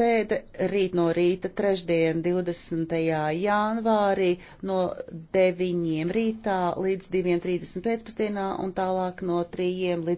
Sēde rīt no rīta, trešdien, 20. janvārī, no 9. rītā līdz 2.30 pēcpusdienā un tālāk no 3. līdz